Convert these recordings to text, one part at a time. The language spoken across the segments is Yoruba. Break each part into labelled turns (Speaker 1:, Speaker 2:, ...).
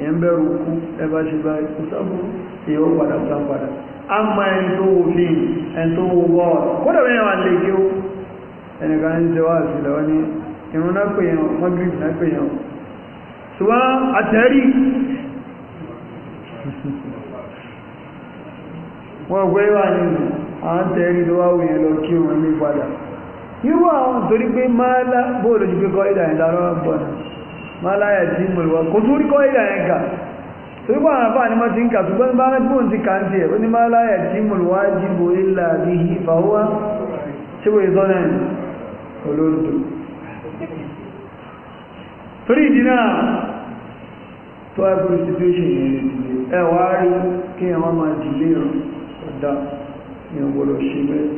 Speaker 1: yẹn bẹ̀rù kú ẹbá ṣe bá ikú sábò èyí ó padà sá padà a mọ ẹni tó wo fi ẹni tó wo bọ́ kódà bẹ́ẹ̀ wà lè kí ó ẹnìkan ń jẹ wá àṣìlẹ̀ wọn ni ìrún náà pè yàn mọ́gírì náà pè yàn ṣùgbọ́n àtẹ́rí wọ́n gbé wà nínú àwọn tẹ́rí ló wá wòye lọ kí òun ní padà yíwọ́ àwọn torí pé máa lá bóòlù ju pé kọ́ ìdà ìdárọ́ bọ̀ máláyà tí mo lè wá kò tún rí kọ́ ìyà yẹn kà torí pé àwọn àfáà ni wọ́n ti ń kà ṣùgbọ́n bá rẹ́ gbóhùn ti kà ń tiẹ̀ ó ní máláyà tí mo lè wá jíbo ilà bí i fàwọ́ ṣé wòye náà olóòdò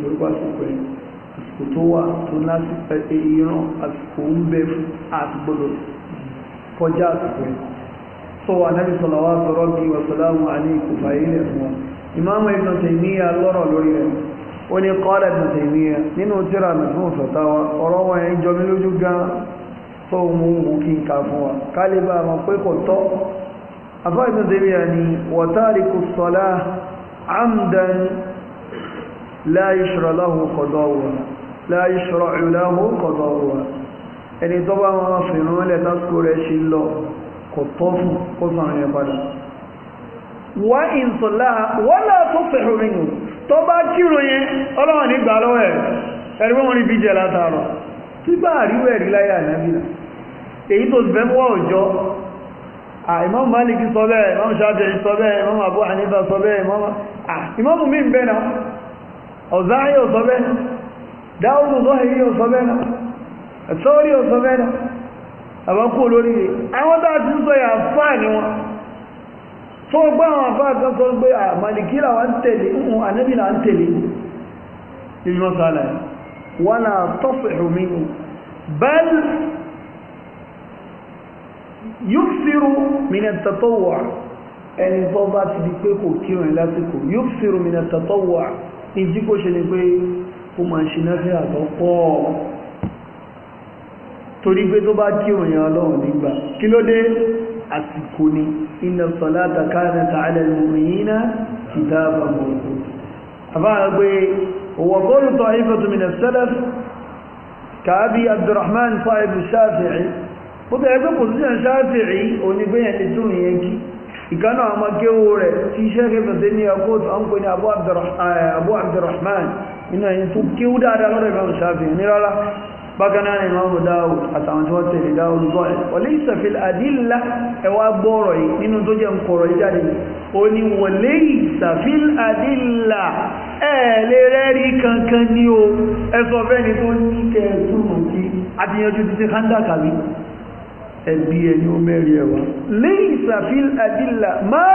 Speaker 1: àsìkò tó wà tó lásìkò ìran àsìkò ń bẹ fún àtìgbọ́dọ̀ kọjá àsìkò ẹ̀ sọ anábì sọlọ́wọ́ sọ̀rọ̀ bí wàsálàmù àní ìkùfà ilẹ̀ fún wọn ìmáàmù ibn taymiya lọ́rọ̀ lórí rẹ̀ ó ní kọ́lẹ̀ ibn taymiya nínú tíra mẹ́fún ìfẹ̀táwa ọ̀rọ̀ wọn ẹ̀ ń jọmí lójú gan tó mú wù kí n kà fún wa ẹni tó bá wọn fìrún mọ́lẹ̀ tásìkò rẹ̀ ṣe lọ kò tọ́ fún kó sàn yẹn padà wá ìsọ̀lá wọ́n náà tó fẹ̀rù rìnù tó bá kírò yẹn ọlọ́wọ̀n ní gbà lọ́wọ́ ẹ̀ ẹ̀rí wọ́n rí bíjẹ̀ látàrọ̀ tí bá àríwẹ̀ rí láyé ànábìlá èyí tó ti fẹ́mọ́ ọjọ́ sọ́rí ọ̀sọ̀ mẹ́ta àbákú olórí rẹ̀ àwọn tó àti ń sọ yà fáà ní wọn tó gbá àwọn àfáà kan sọ pé àmàlìkílà wà ń tẹ̀lé ń ànábì là ń tẹ̀lé ibi wọn sọ́lá ẹ̀ wọ́n na tọ́fẹ̀ẹ́ omi ẹni tó bá ti di pé kò kírun lásìkò yúfìrú mìnàtàtọ́wà ní tí kò ṣe ni pé ó máa ṣe náà sí àtọ́pọ̀ torí pé tó bá kí òyìn ọlọ́run nígbà kí ló dé àsìkò ni inna salata kanat ala al-mu'minina kitaban mawquta àbára pé wa qala ta'ifatun min as-salaf kàábí abdurrahman sa'ibu shafi'i ó bẹ̀rẹ̀ pé pòsíṣàn shafi'i onígbéyàn ti tún yẹn kí ìkánà àwọn akéwò rẹ̀ tí iṣẹ́ kẹfẹ̀ẹ́ ní akóòtù ọ̀n pè ní abu eh, abdurrahman nínú ẹ̀yìn tó kéwú dáadáa lọ́dọ̀ ìbámu shafi'i ní rárá bákanáà ìmọ̀mù dáwùd àtàwọn tí wọ́n tẹ̀lé dáwùd gọ́ ẹ̀ wọlé ìsẹ̀fil àdílá ẹwà gbọ́ọ̀rọ̀ yìí nínú tó jẹ́ nkọ̀rọ̀ ìjáde o ni wọlé ìsẹ̀fil àdílá ẹ̀ẹ̀lẹ̀ rẹ́rí kankan ní o ẹsọ fẹ́ni tó ní kẹtùmọ̀ sí àtìyànjú ti handa kàbí ẹbí ẹni ó mẹ́rí ẹwà lé ìsẹ̀fil àdílá máa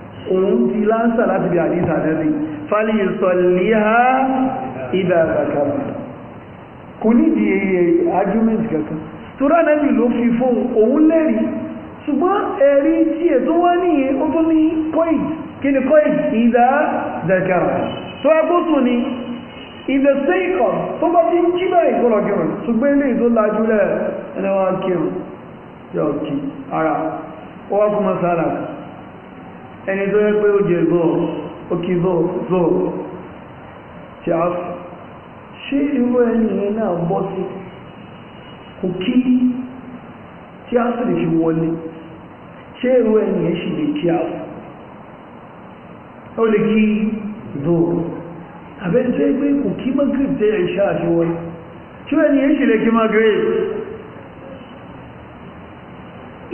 Speaker 1: òun ti láńsà láti bí àdísà nẹ́bí fálí ìsọ̀lẹ́há ìdá àkàrà kò nídi argument kankan tó rá nẹ́bí ló fi fún òun lẹ́rí ṣùgbọ́n ẹ̀rí tí è tó wá níye ó tó ní point kí ni point ìdá àkàrà tó agbótò ni ìdẹ̀ sẹ́ìkọ̀ tó bá ti ń kí ẹni tó yẹ pé ó jẹ bọ́ọ̀ ó kí bọ́ọ̀ tí a ṣe irú ẹni náà bọ́ sí kò kí tí a sì lè fi wọlé ṣe irú ẹni ẹ̀ sì lè kí a ó lè kí bọ́ọ̀ àbẹ́ntẹ́ pé kò kí magrib tẹ́ ìṣà àti wọlé ṣe ẹni ẹ̀ sì lè kí magrib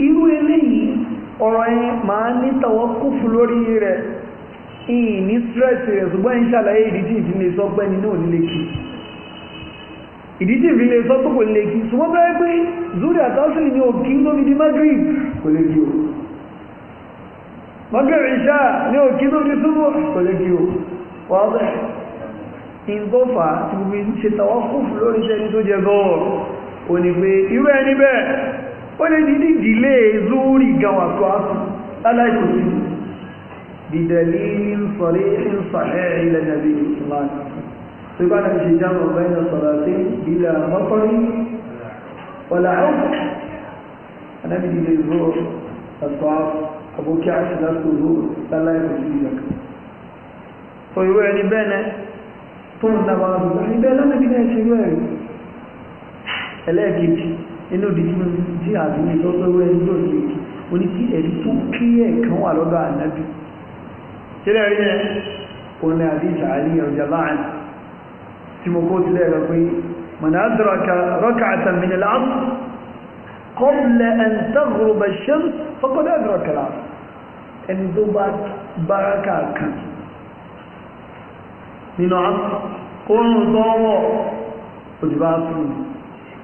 Speaker 1: irú eléyìí Ọrọ yẹn máa ní tọwọ́ kufu lórí rẹ̀ ìyìn ní stress rẹ̀ ṣùgbọ́n ń ṣàlàyé ìdíjì ìfilé sọgbẹ́ni náà nílé kí ìdíjì ìfilé sọgbẹ́ kò lè kí ṣùgbọ́n bẹ́ẹ̀ pé zuri àtọ́sílì ní òkí lóbi di Madrid kò lè kí o Maghrib Isha ní òkí lóbi súnmọ́ kò lè kí o wà bẹ́ẹ̀ ìgbọ́fà tí gbogbo ṣe tọwọ́ lórí ó lè di dídílé zúúrì gan àtọ́ àtọ́ láláìkò sí bìdẹ̀lì ń sọ̀rí ń sàhẹ́ ilẹ̀ nàbí ìsìláàmù tó bá náà ṣe jámọ̀ bẹ́ẹ̀ sọ̀rọ̀ sí ìlà mọ́kọ́rí wọ̀là ọ̀pọ̀ anábì dídé zúúrì àtọ́ àbókí àti lásìkò zúúrì láláìkò sí ìgbà kan sọ ìwé ẹni bẹ́ẹ̀ náà tó ń dábàá àbúgbà níbẹ̀ lánàbí náà ṣe ìwé ẹ̀rí ẹlẹ́ẹ̀kejì nínú ìdí tí àti ní lọ́gbẹ́wẹ́ ẹjọ́ ìlú oní tí ẹ̀rí tó kí ẹ̀kan wà lọ́dọ̀ ànábì tílẹ̀ rí ẹ òní àdíjà àrí ọjà láàrín tí mo kó tílẹ̀ rẹ̀ pé mọ̀nàdọ́rọ̀kà rọ́kà àtàmìnìlá قبل أن تغرب الشمس فقد أدرك العصر ẹni tó bá báraka kan nínú àpò oòrùn tó wọ̀ òjìbá fún un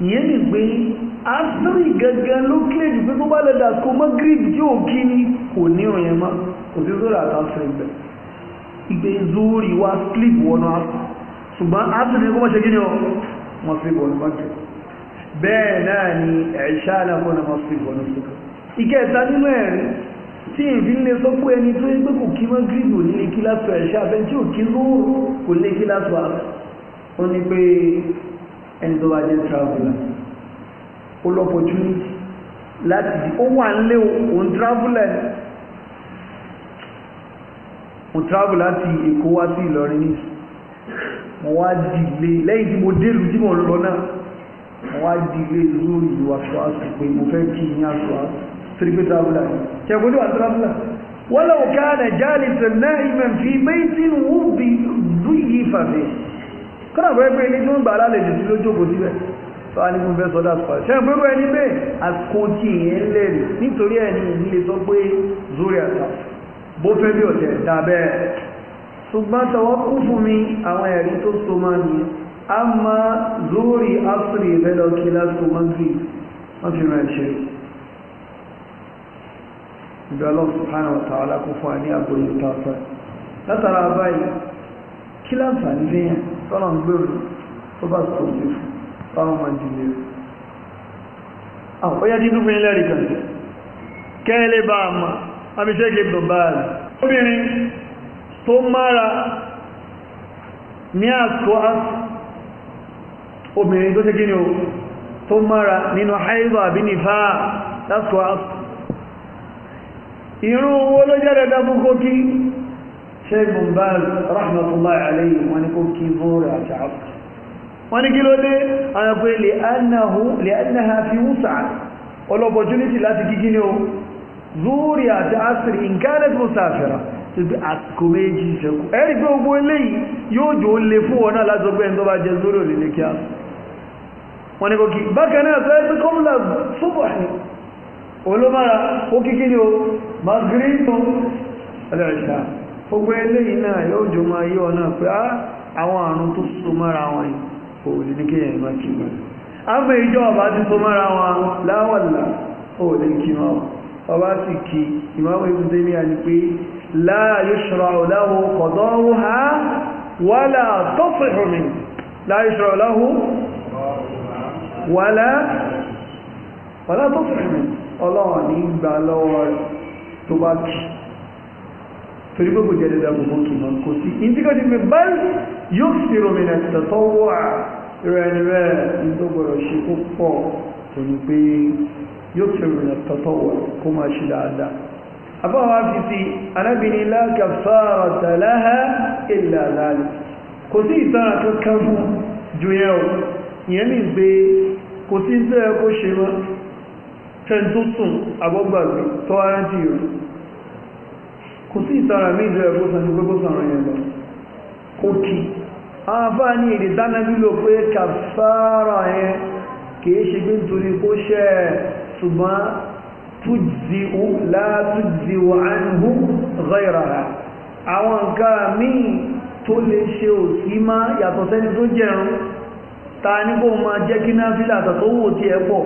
Speaker 1: ìyẹn mi gbé asiri gangan ló kílẹ̀ jù pé tó bá lẹ́dà kó mọ́ gírídì tí ò kí ni kò ní ìrìn ẹ̀mọ́ kò sí sórí àtàsírí gbẹ ìgbé zórí wa slip wọnú asiri ṣùgbọ́n asiri kó mọ́ ṣe gíní ọ wọ́n slip wọnú bàjẹ́ bẹ́ẹ̀ náà ni ẹ̀ṣá náà kó náà wọ́n slip wọnú sókè ìkẹta nínú ẹ̀rín tí ìbí ń lè sọ pé ẹni tó ń gbé kò kí mọ́ ò ní lè kí lásọ ẹ̀ṣá abẹ́ tí ò kí zóòrò kò lè kí lásọ àrùn ó ní pé ẹni tó bá jẹ́ traveler ó lọ́pọ̀tunity láti di ó wà nílé òun traveler mo travel láti Èkó wá sí Ìlọrin ní mo wá dìlé lẹ́yìn tí mo délù tí mo lọ náà mo wá dìlé lórí ìlú aṣọ́àṣù pé mo fẹ́ kí ní aṣọ́àṣù torí pé traveler ṣẹ̀kọ́ ní wà traveler wọ́n lọ́wọ́ káàdà jáde sẹ̀ náà ìmọ̀ fi méjì wù bí dùn yìí fàfẹ́ kọ́nà pé pé ní tí wọ́n gbà lálejò sí ló jókòó síbẹ̀ tó a ní fún fẹ́ sọ́dá pa ṣe pé pé ẹni bẹ́ẹ̀ àkójì yẹn lẹ́rì nítorí ẹni ìdílé sọ pé zórí àtà bó fẹ́ bí ọ̀tẹ̀ dà bẹ́ẹ̀ ṣùgbọ́n tọwọ́ kú fún mi àwọn ẹ̀rí tó báyìí kí láǹfààní léyìn tọ́nà ń gbèrò tó bá tó ah, lè fún báwọn máa jù lè fún àkọ́yá tí dúkùn ilẹ̀ rí kan kẹ́ẹ̀lẹ́ bá a ma abíṣẹ́kì bàbá rẹ̀ obìnrin tó mára ní àkọ́ obìnrin tó tẹ́kí ni o tó mára nínú haizọ àbí nífà lásọ́ irú owó ló jẹ́ Sheikh Bin Baz rahmatullahi alayhi wọ́n ní kó kí vóòrè àti àpù wọ́n ní kí ló dé àwọn pé li'annaha fi wùsà ọlọ́pọ̀júnítì láti kíkí ní o vóòrè àti asìrì nǹkanẹ̀ tó sàfẹ́ra ti bí àkókò méjì ìṣẹ́kù ẹ̀rí pé ogun eléyìí yóò jò ó lè fún ọ̀nà lásọgbẹ́ ẹni tó bá jẹ zóòrè òlè lè kí á wọ́n ní kó kí bákan náà sọ gbogbo eléyìí náà yóò jọ máa yí ọ̀nà pé á ah, àwọn àrùn tó so mọ́ra wọn kò lè ní kéèyàn máa kí wọn ábẹ́ ìjọ ọba ti so mọ́ra wọn láwọ̀lá ò lè kí wọn ọba sì kí ìmáwọ̀ ibùn tẹ́ ní àní pé láàyò ṣọ́ra ọ̀láwọ̀ kọ̀dọ̀ ha torí pé kò jẹ́ dandan gbogbo túmọ̀ kò sí ìdíkọ́ ti fi báyìí yóò fi rọmìnà tọ̀tọ̀wọ́ à rẹ̀ rẹ̀ ìdọ́gbọ̀rọ̀ ṣe kó pọ̀ tó ní pé yóò fi rọmìnà tọ̀tọ̀wọ́ kó máa ṣe dáadáa àbáwá fi ti arábìnrin láàkà fáàrà tàláhà ìlà láàrín kò sí ìtara tó kán fún ju yẹn o ìyẹn ní pé kò sí ń tẹ́ ẹ kó ṣe mọ́ tẹ́ntútùn àbọ́gbàgbé tó rántí ìrù kò sí ìtara méjì ẹ̀bọ́ sàn gbogbo sọ̀rọ̀ yẹn lọ òkè àfá ní èdè dánájú ló pé kàfàrà yẹn kìí ṣe gbé nítorí kó ṣẹ́ ṣùgbọ́n tújì látújì wà ánìhù ghairaha àwọn nǹkan míì tó lè ṣe òsì má yàtọ̀ sẹ́ni tó jẹun ta ní kó máa jẹ́ kí náà fílà àtàtọ́ wò tí ẹ pọ̀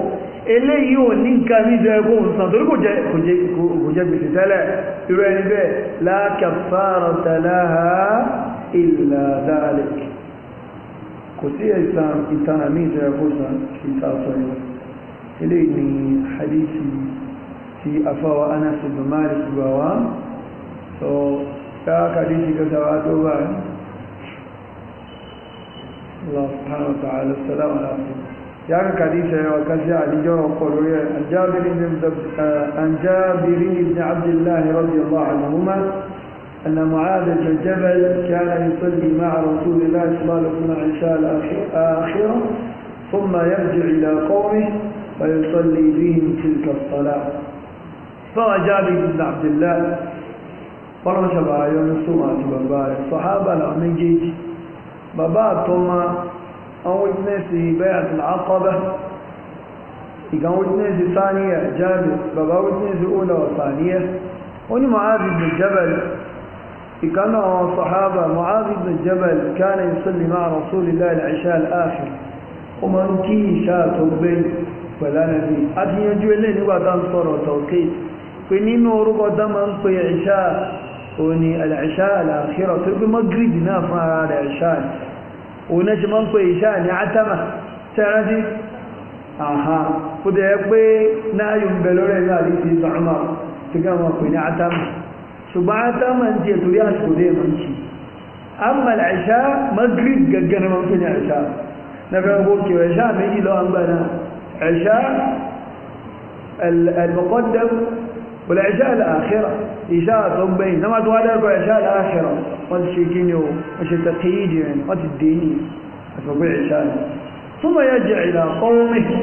Speaker 1: eléyìí ò ní nǹkan ní ìjọ ẹkọ́ òǹsàn torí kò jẹ́ gbèsè tẹ́lẹ̀ irú ẹni bẹ́ẹ̀ la kafarata laha illa dhalik kò sí ẹ̀sàn ìtàn ẹ̀ الله سبحانه وتعالى السلام عليكم يعني كحديث وكذا علي وقول عن جابر بن عن جابر بن عبد الله رضي الله عنهما أن معاذ بن جبل كان يصلي مع رسول الله صلى الله عليه وسلم عشاء الآخرة ثم يرجع إلى قومه فيصلي بهم تلك الصلاة فهو بن عبد الله فرمى بها يوم السمعة والبارك صحابة لأمين جيجي bàbá àtọmọ àwọn wítínẹ́sì bẹ́yàtì àkọ́bẹ́ ìgbà wítínẹ́sì sáníyà jáde bàbá wítínẹ́sì ọlá ọ̀sàníyà ó ní ma'ázi bin jabal ìkánà àwọn sọ̀hábà ma'ázi bin jabal kánà ìsọ́lì máa rasulillah al-aisha al-akhir ó ma ń kí ìṣà tó gbé pẹ̀lá nàbí a وني العشاء الأخيرة تبي ما نافع على العشاء ونجم أنك عشاء نعتمة تعرفي أها فده يبي نايم بلور إذا ليس زعما تكلم في نعتمة سبعة تامة أنت تريها سودي منشي أما العشاء ما قريب جدنا ما في العشاء نبغى نقول كي العشاء ما يجي لو أنبنا عشاء المقدم والعشاء الآخرة إشاء طبين لما توادر بالعشاء الآخرة والشيكيني وش التقييد يعني وش الديني أتوقع عشاء ثم يرجع إلى قومه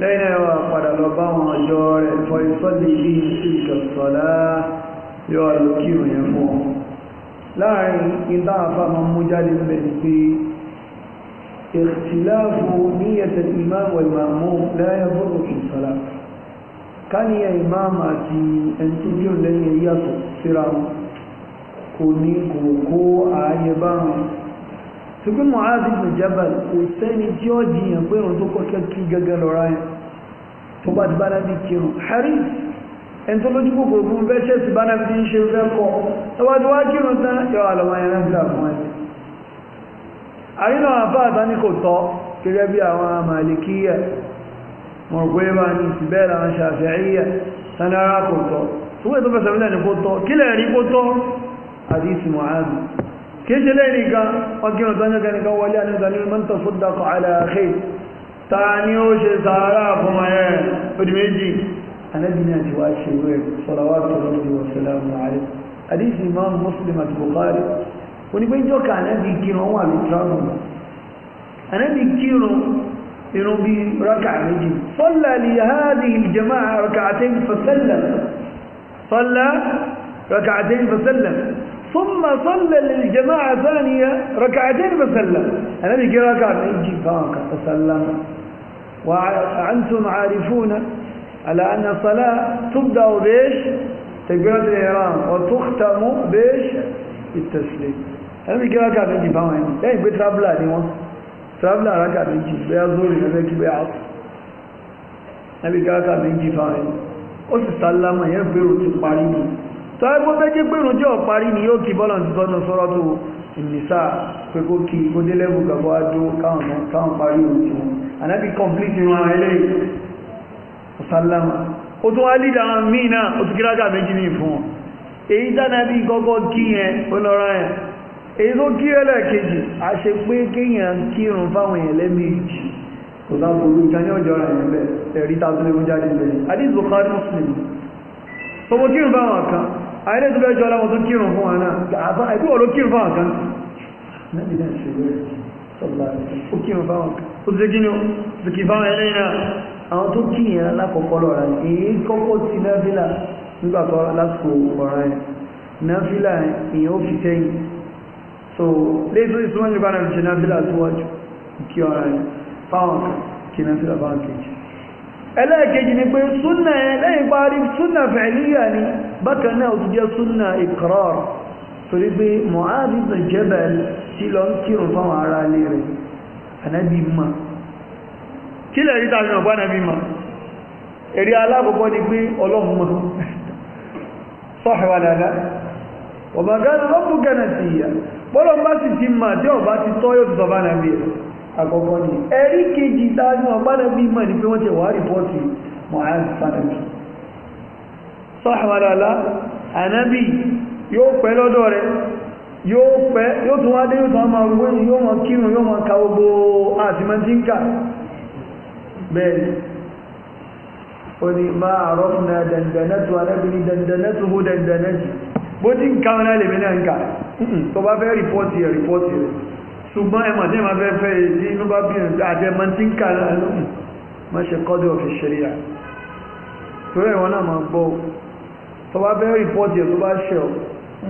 Speaker 1: لين يوقد ربما جور فيصلي به تلك الصلاة يوالكيه يموه láàrin ìdá àfàmà mú jáde bẹ̀rẹ̀ pé ìtìláàfù níyàtà ìmáàmù ìmáàmù láyé bọ́rọ̀ ìsọ́lá káníyà ìmáàmù àti ẹni tó jù lẹ́yìn yàtọ̀ síra wọn kò ní kò kó ààyè bá wọn ṣùgbọ́n Mu'adh ibn Jabal kò sẹ́ni tí ó jiyàn pé òun tó kọ́kẹ́ kí gẹ́gẹ́ lọ́ra yẹn tó bá ti bá náà bí kírun Harith ẹni tó lójú kòkòrò fún bẹ́ẹ̀ ṣe ti bá fi ń ṣe fẹ́ kọ́ tọ́wọ́ tí wá kírun tán yọ àlọ́wọ́ yẹn náà gbà fún àrínà àbá àtàníkò tọ́ gẹ́gẹ́ bí àwọn Màlìkíyà mo rò pé bá ní ìbẹ́ làwọn ṣàfihàníyà sanára kò tọ́ ṣùgbọ́n tó fẹsẹ̀ mílẹ̀ ní kò tọ́ kí lẹ́ẹ̀rí kò tọ́ àti ìsìnmọ̀ àmì kìí ṣe lẹ́ẹ̀rí kan ọkìrìn tọ́jọ́ kẹnìkan wọlé àníta ní mọ́ntà fúdàkọ̀ aláàkẹ́ ta ni ó ṣe sàárà fún ẹ̀ odi méjì anábìnrin àti wá ṣe wẹ̀ sọ̀rọ̀wá إنه بركعة نجي صلى لهذه الجماعة ركعتين فسلم صلى ركعتين فسلم ثم صلى للجماعة ثانية ركعتين فسلم أنا بيجي ركعة نجي فانك فسلم وأنتم عارفون على أن الصلاة تبدأ بإيش؟ تكبيرة الإيران وتختم بإيش؟ التسليم أنا بيجي ركعة نجي فانك يعني بيترابلا دي وانك travel araka méjì bẹ́ẹ̀ zórí ẹgbẹ́ kí bẹ́ẹ̀ ápù ẹbí káàkà méjì fáwọn ó o si yẹn gbèrò ti parí ni tó ẹgbẹ́ méjì gbèrò jọ parí ni yóò kí bọ́lá ti sọ́nà sọ́rọ́ tó ìnìsà pé kó kí kó dé lẹ́bù gbàgbọ́ adó káwọn parí òun ti wọn ànábì complete ran eléyìí ó o ó tún wá lídà wọn ni wọn èyí dáná bí èyí tó kí ẹlẹ́ẹ̀kejì a ṣe pé kéèyàn kírun fáwọn èèyàn lẹ́mẹ̀ẹ́jì kò bá gbogbo ìkan ní ọjọ́ ara yẹn bẹ́ẹ̀ ẹ̀rí ta tún lè mú jáde bẹ́ẹ̀ adis bukhari muslim tọmọ kírun fáwọn kan ayẹlẹ́ tó fẹ́ jọ láwọn tó kírun fún wọn náà àìkú ọ̀lọ́ kírun fáwọn kan ó kírun fáwọn kan ó ti kí ni ó ti kí fáwọn ẹlẹ́yìn àwọn tó kíyàn lákọ̀ọ́kọ́ lọ́ra èyí kọ́kọ́ ti náfílà nígbàtọ́ lásìkò ọ̀rọ̀ ẹ̀ náfílà èyàn ó fi sẹ́yìn so léèzó ìsúnmọ́ ní bára ìṣẹ́ náfílà síwájú kí ọ̀rọ̀ rẹ̀ fáwọn kan kí náfílà bá ń kejì ẹlẹ́ẹ̀kejì ni pé súnà lẹ́yìn parí súnà fẹ̀líyà ni bákan náà ó ti jẹ́ súnà ìkọ̀rọ̀ torí pé Mu'adh ibn Jabal tí lọ ń kírun fáwọn ará ilé rẹ̀ ànábì mọ̀ kí lè rí tàbí ọ̀pá ànábì mọ̀ èrè alákọ̀ọ́kọ́ ni pé ọlọ́run mọ̀ dáadáa bọ́lọ̀ bá sì ti mà tí ọ̀bá ti tọ́ yóò ti sọ bá nàbí àkọ́kọ́ ni ẹ̀rí kejì tájú ọ̀bá nàbí mà ní pé wọ́n ti wà rìpọ́ọ̀tì Mu'adh sanabi sọ́hàmàdàlá ànábì yóò pẹ́ lọ́dọ̀ rẹ̀ yóò pẹ́ yóò tún wá dé yóò tún wá máa rúgbé yóò máa kírun yóò máa ka gbogbo àtìmọ́tíńkà ó ní máa àrọ́fún dandanẹ́tù arábìnrin dandanẹ́tù hó dandanẹ́tù bó ń káwọn Hmm, tó bá fẹ́ rìpọ́tì ẹ̀ rìpọ́tì rẹ̀ ṣùgbọ́n ẹ màtí ma fẹ́ fẹ́ èdè inú bá bí àjẹmọ́ tí ń kà lóhùn má ṣe kọ́dọ̀ fi ṣeré à torí ẹ̀wọ̀n náà máa gbọ́ tó bá fẹ́ rìpọ́tì ẹ̀ tó bá ṣẹ̀ ọ́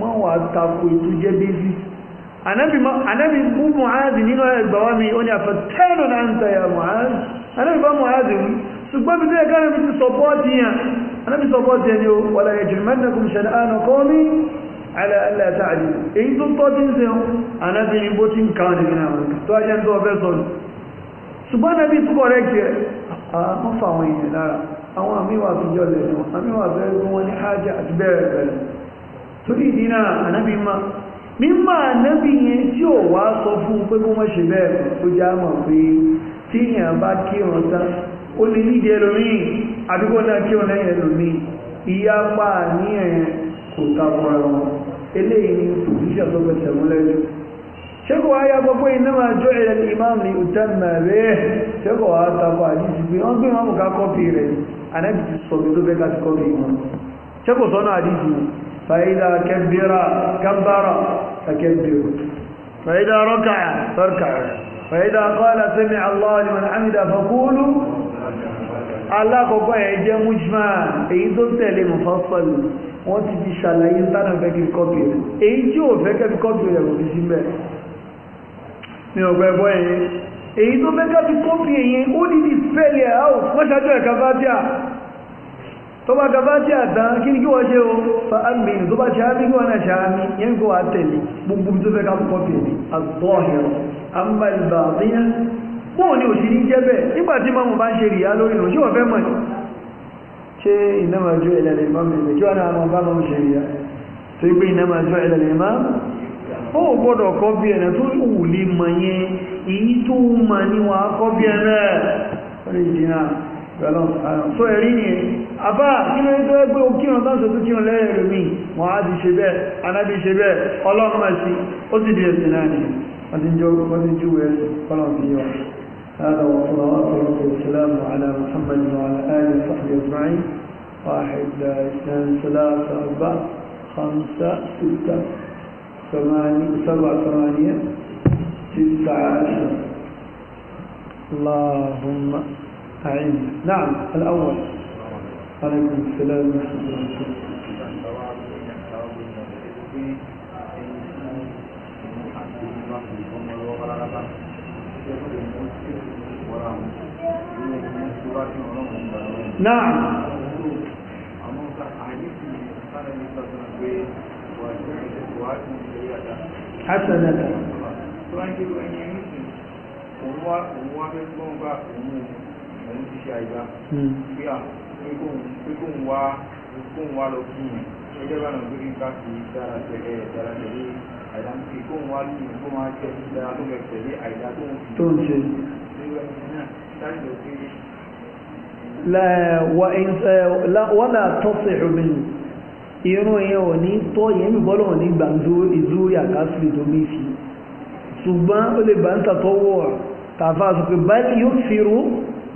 Speaker 1: mọ́ wà á takò ètò jẹ́ bíbí ànábì mú Mu'adh nínú ẹgbà wá mi ó ní àfẹ́ tẹ́lù náà ń tẹ̀yà Mu'adh ànábì bá Mu'adh wí ṣùgbọ́n bí tẹ́lẹ̀ kárẹ̀ fi ti sọ̀pọ́ọ̀tì yẹn ànábì sọ̀pọ́ọ̀tì yẹn ni ó wọlé ẹ̀jùmẹ́nìkùn ṣẹ̀dá ànà kọ́ mi alẹ́ sáàdì èyí tó tọ́ tí ń se ọ́n anábìnrin bó ti ń kàn ní ìrìn àwọn tó ajẹ́ tó ọfẹ́ sọ́nù ṣùgbọ́n anábì tó kọ̀rẹ́ kí ẹ àwọn fà àwọn èèyàn lára àwọn àmìwà tó jọ lẹ̀ wọn àmìwà tó ẹgbẹ́ wọn ní hajj àti bẹ́ẹ̀ bẹ̀rẹ̀ torí ìdí náà anábì ma nǹkan kan wọn eléyìí ni position tó fẹsẹ̀ múlẹ̀ jù ṣẹ́kọ̀ wá yá gbogbo iná máa jó ẹ̀rẹ́ ní imam ní ìtẹ́mẹ̀ rẹ̀ ṣẹ́kọ̀ wá tako àdíjì pé wọ́n gbé wọn ká kọ́pì rẹ̀ ànábì ti sọ pé tó fẹ́ ká ti kọ́pì wọn ṣẹ́kọ̀ sọ́nà àdíjì fàídà kẹbíra kábàrà kẹbíru fàídà rọ́kà rọ́kà fàídà kọ́lá sẹ́mi allah liman hamida fakulu alákọ̀ọ́kọ́ ẹ̀ jẹ́ mujmal èyí tó tẹ̀lé mufassal wọ́n ti fi ṣàlàyé tánà fẹ́ kí kọ́pì rẹ̀ èyí tí ò fẹ́ kẹ́ fi kọ́pì rẹ̀ kò fi sí mẹ́ ní ọgbẹ́ ẹ̀bọ́ ẹ̀yìn èyí tó fẹ́ kẹ́ fi kọ́pì ẹ̀yìn ó ní ní spẹ́lì ẹ̀ wọ́n ṣàjọ ẹ̀ka fátíà tó bá ka tán kí ni kí wọ́n ṣe o fa ámì tó bá ṣe ámì kí wọ́n náà ṣe ámì yẹn kó wàá tẹ̀lé gbogbo tó fẹ́ ká fi kọ́pì ẹ̀yìn àgbọ̀hẹ̀rọ̀ àmbàlùbà àbíyàn bóun ṣé ìnáma jọ ìlàlẹ̀ ìmá mẹ́lẹ̀ kí wọ́n àwọn bá lọ́n ṣe ìyá tó gbé ìnáma jọ ìlàlẹ̀ ìmá ó gbọ́dọ̀ kọ́ bí ẹ̀nà tó wù lè mọ̀ yẹn èyí tó mọ̀ ní wọn kọ́ bí ẹ̀nà rẹ̀ ìdínà pẹ̀lọ́n tó ẹ̀rí ni àbá kí ló ń tó ẹgbẹ́ òkíràn tó ń sọ tó kíràn lẹ́yìn rẹ̀ mi wọ́n á ti ṣe bẹ́ẹ̀ anábì ṣe bẹ́ẹ̀ ọlọ́run mẹ́sì ó sì di ẹ̀sìn náà ni wọ́n ti jọ wọ́n ti júwèé ọlọ́run fi yọ هذا وصلوات ربي والسلام على محمد وعلى آله وصحبه أجمعين واحد اثنان ثلاثة أربعة خمسة ستة ثمانية سبعة ثمانية تسعة عشر اللهم أعين نعم الأول عليكم السلام ورحمة الله
Speaker 2: وبركاته Thank you. náà hasanata òun hmm. wá hmm. fẹ́ gbọ́n bá òun òun ti ṣe àìbá pé àwọn pé kó ń wá kó ń wá lọ kí yẹn gẹ́gẹ́ bá náà lórí bá ti dára tẹ̀lé dára tẹ̀lé àìdá ń pè kó ń lóyún kó máa jẹ́ dára tó bẹ̀ tẹ̀lé àìdá tó ń fi tó ń ṣe.
Speaker 1: wọ́lá tọ́sí ìrìn irun yẹn ò ní tọ́ yẹn mi bọ́lọ̀ ní gbàǹdó ìzúrí àkásìlè tó bí fi ṣùgbọ́n ó lè gbà ń tàtọ́wọ́ tàfà sọ pé báyìí yóò fi rú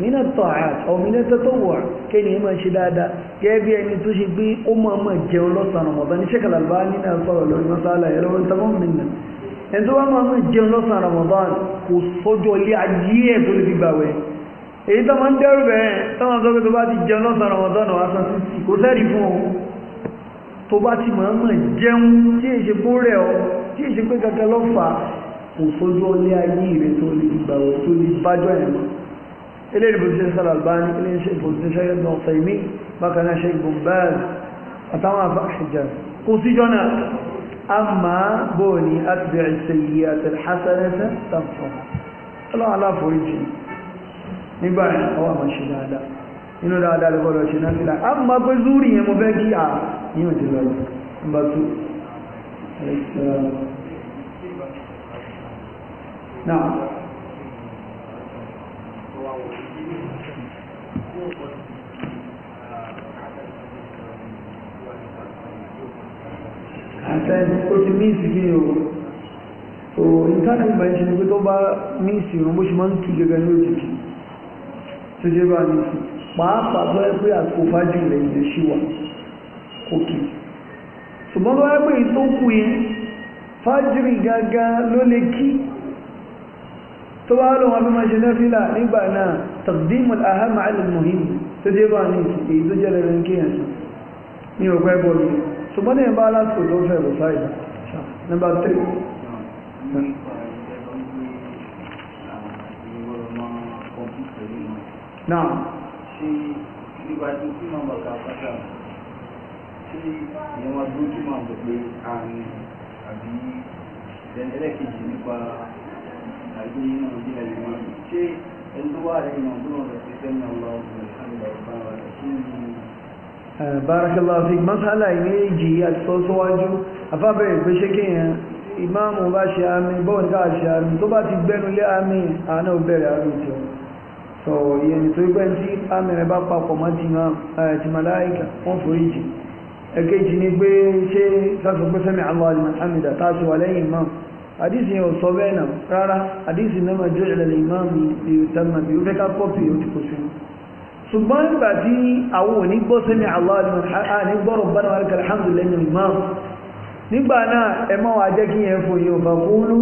Speaker 1: nínú tọ́àt ọ̀mìnà tọ́tọ́wọ̀ kẹ́ni ẹmọ ṣe dáadáa gẹ́gẹ́ bí ẹni tó ṣe gbé ó mọ̀ mọ̀ jẹun lọ́sàn Ramadan ní ṣẹ́kàlà bá nínú sọ̀rọ̀ lórí mọ́sálà ẹ̀rọ ń tọ́ mọ́ mìíràn ẹni tó bá mọ̀ mọ̀ jẹun lọ́sàn Ramadan kò sọ́jọ́ ilé ayé ẹ̀ tó lè fi gbà wẹ̀ èyí tó máa ń dẹ́rù bẹ́ẹ̀ táwọn sọ pé tó bá ti jẹun lọ́sàn Ramadan wà san sí kò sẹ́rì fún ọ tó bá ti mọ̀ mọ̀ jẹun tí èyí ṣe bó rẹ̀ ọ tí èyí ṣe pé kankan lọ́fà kò sọ́jọ́ ilé ayé rẹ̀ tó lè fi gbà wẹ̀ tó lè bájọ́ ẹ̀ mọ́ إليه البوزين صلى الباني إليه شيء البوزين شيء ابن عصيمي ما كان شيء بمباز أتعمى فأح الجنة قوسي جنة أما بوني أتبع السيئات الحسنة تنصرها الله على فريجي نبعي هو الشهادة inú dáadáa lọ́wọ́ lọ ṣe náà sílá a máa pé zúrí yẹn mo fẹ́ kí à yíò àtẹni ó ti míìsì o ìtànà ìgbà ìṣẹ́ ni pé tó bá míìsì ìrùn bó ṣe máa ń tú gẹ́gẹ́ ní òjìkì tó jẹ́ bá ní pàápàá tó ẹ pé àtò fájì rẹ̀ ilẹ̀ ṣì wà òkè ṣùgbọ́n tó ẹ yẹn fájì gangan ló lè kí tó bá lọ wọn fi máa ṣe nẹ́fílà nígbà náà taqdimu al-aham ala al-muhim tó dé bá ní èyí tó jẹ́ lẹ́rin kíyàn ní ọgbẹ́ bọ́ọ̀lù ṣùgbọ́n ní ìbá aláṣọ tó fẹ́ bọ̀ sáyà nígbà tí
Speaker 2: náà àti inú ojú ẹ̀rí wọn ṣé ẹni tó wà lẹ́yìn náà tó náà rẹ̀ ṣe sẹ́yìn ọlọ́run
Speaker 1: barakallahu fi masala méjì àtìsọ́sọ́wájú afábẹ̀rẹ̀ pé ṣé kéèyàn ìmáàmù bá ṣe àmì bọ́ọ̀ nígbà ṣe àmì tó bá ti gbẹ́nulé àmì àánà bẹ̀rẹ̀ àmì tí ó sọ ìyẹn tó gbẹ́ tí àmì rẹ̀ bá papọ̀ mọ́ ti màláìkà wọ́n forí jì ẹ̀kejì ni pé ṣé sásọ pé sẹ́mi àlọ́ àlìmọ̀ àmì dà tá a ṣe wà lẹ́yìn ìmáàmù àdísì yẹn ò sọ bẹ́ẹ̀ náà rárá àdísì náà máa jẹ́ ìlẹ̀lẹ̀ ìmáàmù ìrìtàmà bí ó fẹ́ ká kọ́pì ó ti kò sí ṣùgbọ́n nígbà tí àwọn òní gbọ́ sẹ́mi aláàdì gbọ́rọ̀ bá náà rẹ̀ alhamdulillah ní ìmáàmù nígbà náà ẹ má wà jẹ́ kí yẹn fò yóò bá kúlú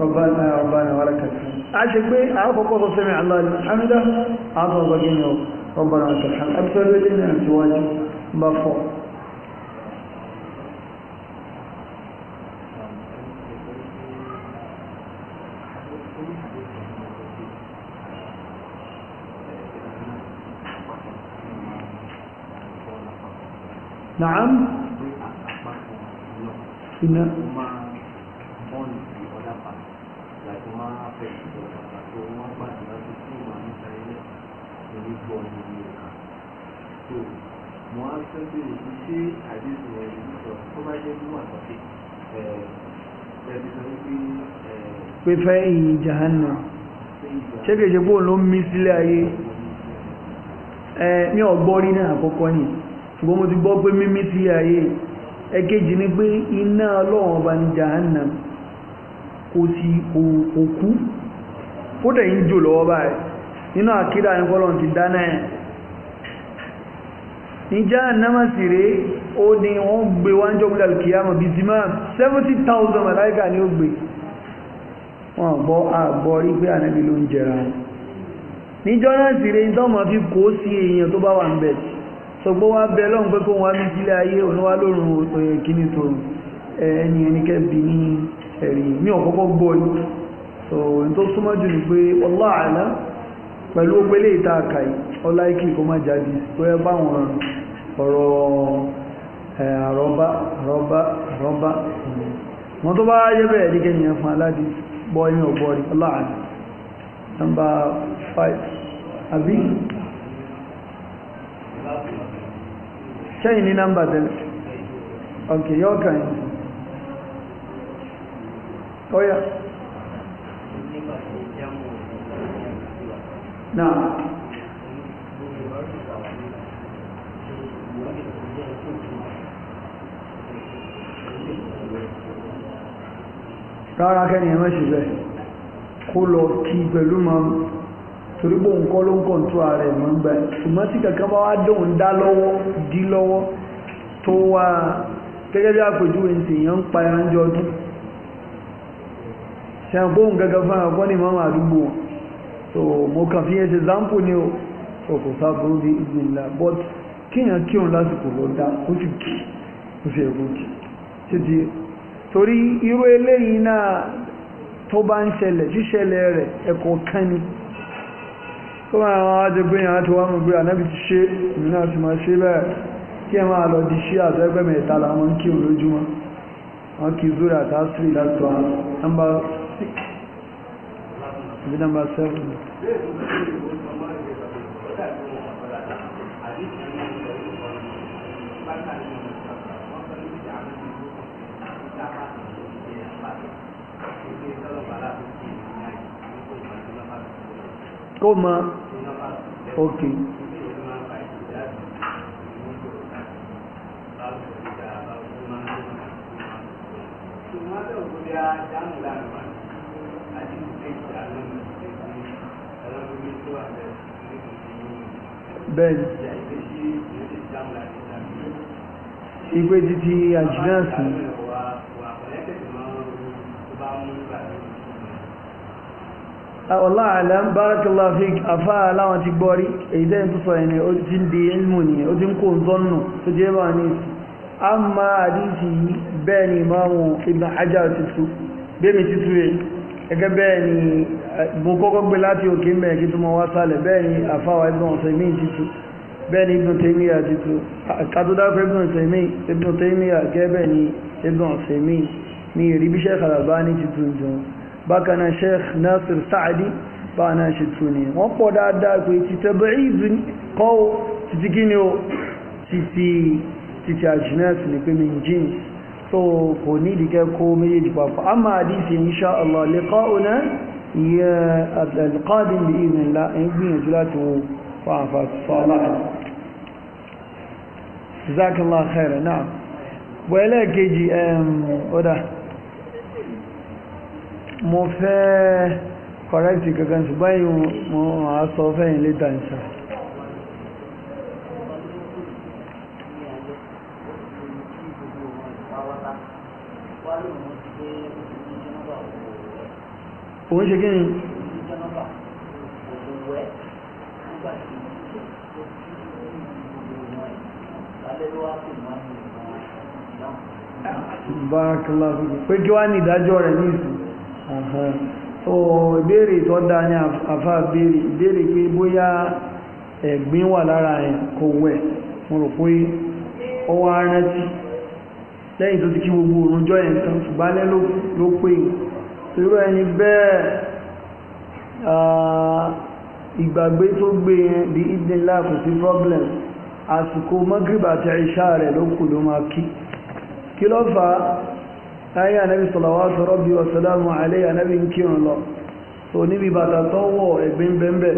Speaker 1: ربنا ربنا ولك الحمد عشان بي عرفوا قصة سمع الله لمن حمده عرفوا بقينه ربنا ولك الحمد أبسل لنا سواجه بفوق
Speaker 2: نعم إن mo á fẹ́ bèrè sí ṣé àdéhùn rẹ̀ ní sọ tó bá jẹ́ mú àtọ́kẹ́ ẹ̀ẹ́dẹ́gbẹ́ sọ wípé
Speaker 1: pé fẹ́ ìyìn jahanna ṣé kìí ṣe bóun ló ń mí sílé ayé ẹ ní ọgbọ́n rí náà àkọ́kọ́ nìyí ṣùgbọ́n mo ti gbọ́ pé mímí ti ayé ẹ̀kejì ni pé iná ọlọ́run ọba ní jahannam kò sí òkú ó dẹ̀ ń jò lọ́wọ́ báyìí nínú àkídà ní fọ́lọ́n ti dáná ẹ̀ ní jahannam sì rèé ó ní wọ́n gbé wájọ́ gbé alkiyama bí ti máa 70,000 mẹ́láìkà ní ó gbé wọ́n bọ́ àgbọ́ rí pé ànẹ́bí ló ń jẹra níjọ́ náà sì rèé tọ́mọ̀ fi kó sí èèyàn tó bá wà ń bẹ̀ẹ̀ sọgbọ́n wá bẹ lọ́n pé kó wọ́n ní jílé ayé òníwá lórun kíní tó ẹni ẹnikẹ́ bí ní ẹ̀rí ní ọ̀kọ́kọ́ gbọ́ yìí so n tó súnmọ́ jù ní pé ọlá àlá pẹ̀lú ogbélé ìta àkàì ọlá ikì kó má jáde bóyá báwọn ọ̀rọ̀ àrọ́bá àrọ́bá àrọ́bá wọn tó bá yẹ bẹ́ẹ̀ ní kẹ́yìn fún aládìí bọ́ ẹ̀yìn ọ̀gbọ́rí ọlá àlá nọ́mbà 5 àbí sẹ́yìn ní nọ́mbà tẹ́lẹ̀ ọ̀kẹ́ yọ́ kàn yìí ọ̀yà Now rárá kẹ́ni ẹ̀mọ́ ṣùgbẹ́ kó lọ kí pẹ̀lú mọ́ torí pé òun kọ́ ló ń kọ̀ǹtú ààrẹ mọ́ ń gbà ẹ̀ ṣùgbọ́n tí kankan bá wá dóun dá lọ́wọ́ dí lọ́wọ́ tó wá gẹ́gẹ́ bí àpèjúwe ǹsìn yẹn ń pa ẹranjọ ọdún ṣàǹkó òun gẹ́gẹ́ fún àwọn ọkọ́ ní mọ́mọ́ àdúgbò so mo kàn fi yẹn ṣe zampo ni o so kò sá burú bí ìgbìnlá but kíyàn kí òun lásìkò ló dá ó sì kì ó sì ẹ̀kú kì títí torí irú eléyìí náà tó bá ń ṣẹlẹ̀ ṣíṣẹlẹ̀ rẹ̀ ẹ̀kọ́ kan ni kó máa wọn wá jẹ pé yàn á ti wá mọ̀ pé ànábì ti ṣe èmi náà ti máa ṣe bẹ́ẹ̀ kí ẹ máa lọ di ṣí àtẹ́gbẹ́ mẹ́ta làwọn ń kírun lójúmọ́ wọn kì í zúrà tásírì látọ̀ nọ́mbà six àbí nọ́mbà kó mọ ok. bẹ́ẹ̀ni ìgbé títí àjùmọ̀ sí i. Allah alam barakallahu fik afá aláwọn ti gbọ́rí èyí tẹ́yìn tó sọ ẹni ó ti ń di ilmù ni ó ti ń kó zọ́nù tó jẹ́ bá ní amma hadisi yìí bẹ́ẹ̀ ni imamu ibn hajar ti tú bẹ́ẹ̀ mi ti tú rẹ̀ gẹ́gẹ́ bẹ́ẹ̀ ni mo kọ́kọ́ gbé láti òkè mẹ́ẹ̀ kí tó mọ wá sálẹ̀ bẹ́ẹ̀ ni àfáwà ibn ọ̀sẹ̀mí ti tú bẹ́ẹ̀ ni ibn taymiya ti tú kàtúndáfẹ́ ibn ọ̀sẹ̀mí ibn taymiya gẹ́gẹ́ bẹ́ẹ̀ ni ibn ọ̀sẹ̀mí ni ìrìbíṣẹ́ kàlàbá ní ti tú jùlọ bákan náà sheikh nasir saadi bá náà ṣe tún ní wọ́n pọ̀ dáadáa pé títẹ̀ bẹ̀rẹ̀ kọ́ títí kí ni o títí títí ajínẹ́s ní pé min jeans so kò ní ìdíkẹ́ kó méjèèjì papọ̀ a máa hadisi insha Allah liqa'una ya al-qadim bi idhnillah ń gbìyànjú láti wo fa'afa sọ́lá jazakallah khairan náà wẹ́lẹ́ kejì ọ̀dá mo fẹ́ correct kankan ṣùgbọ́n yìí mo á sọ fẹ́yìn later ṣá. òun ṣe kí ni. bárakàlá pé kí wàá ní ìdájọ́ rẹ̀ ní ìsìn. so ìbéèrè tó dá ní àfáà béèrè ìbéèrè pé bóyá ẹ̀gbín wà lára ẹ̀ kò wẹ̀ mo rò pé ó wá rántí lẹ́yìn tó ti kí gbogbo òrùnjọ́ ẹ̀ tán ṣùgbálẹ́ ló pé irú ẹni bẹ́ẹ̀ ìgbàgbé tó gbé di ìdínlá kò sí problem àsìkò mọ́gìrìbà àti ìṣà rẹ̀ ló kù ló máa kí ayé ànábì sọ̀làwátù rọ́bì ọ̀sọ̀lámù alẹ́ ànábì ń kírun lọ so níbi bàtà tọ́wọ́ ẹ̀gbìn bẹ́ẹ̀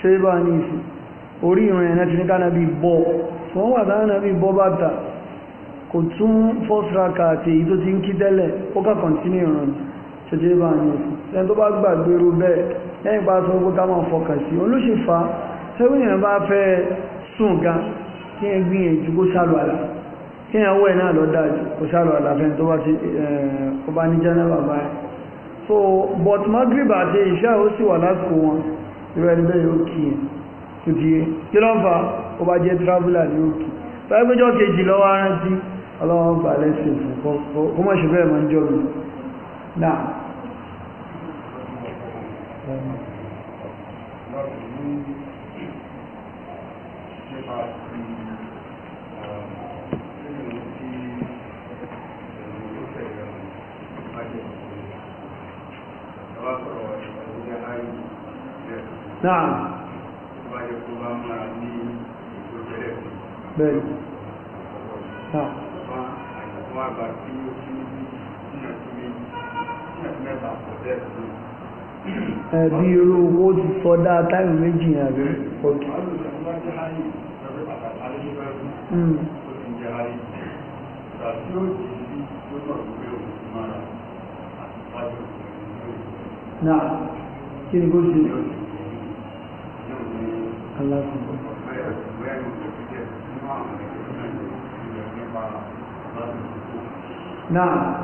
Speaker 1: ṣe bá ní ìsìn orí ìrìn ẹ̀nà ti ní kánábì bọ́ wọ́n wà tánábì bọ́ bàtà kò tún fọ́sraka àti èyí tó ti ń kí tẹ́lẹ̀ ó kà kọ̀ntínú ìrìn ṣẹ̀ṣẹ̀ bá ní ìsìn ẹni tó bá gbàgbé irú bẹ́ẹ̀ lẹ́yìn bá sọ pé ká máa fọkà sí olóṣèfà sẹ́wìn yẹn bá fẹ́ sùn gan kí ẹ gbìyànjú kó sálọ àlàáfíà kí ẹ̀ wọ́ ẹ̀ náà lọ dájú kò sálọ àlàfẹ́ tó bá ti ọba eh, ní jẹ́nẹ́bà báyìí so but magrib àti ìṣá ó sì wà lásìkò wọn ìrẹ́ ẹni bẹ́ẹ̀ yóò kí ẹ̀ tó ti yé kí ló ń fa ó bá jẹ́ traveller ní òkè báyìí péjọ kejì lọ́wọ́ arántí ọlọ́wọ́ gbà lẹ́sìn fún kó mọ̀ ṣe bẹ́ẹ̀ jọ mi náà Náà. Bẹ́ẹ̀ni. Náà. Ẹ̀bí irú owó ti sọdá táìmù méjì yàn rí. Ọ̀tún. Ọ̀tún. نعم كيف قلت الله نعم